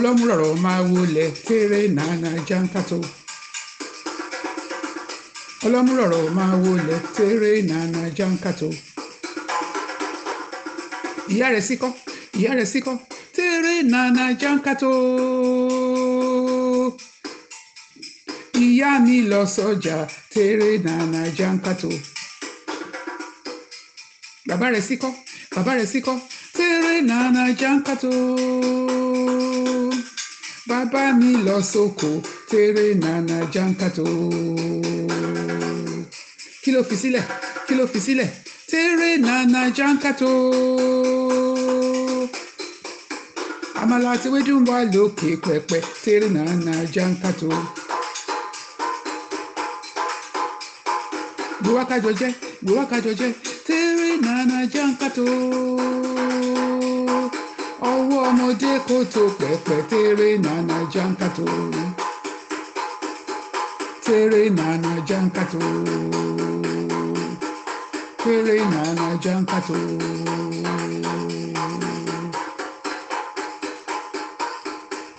ọlọ́múrọ̀rọ̀ máa wọlé kéré nàánà jáǹkàtó ọlọ́múrọ̀rọ̀ máa wọlé kéré nàánà jáǹkàtó ìyá rẹ̀ síkọ́ ìyá rẹ̀ síkọ́ kéré nàánà jáǹkàtó ìyá mi lọ sọ́jà kéré nàánà jankato bàbá rẹ̀ síkọ́ bàbá rẹ̀ síkọ́ nana jankato baba mi lọ sóko tèrè nana jankato kí ló fi sílẹ̀ kí ló fi sílẹ̀ tèrè nana jankato àmàlà àti ewédú ń wá pẹpẹ tèrè nana jankato. gbowó kájọ jẹ gbowó Tere nana jankato. koto pepe tere nana jankato tere nana jankato tere nana jankato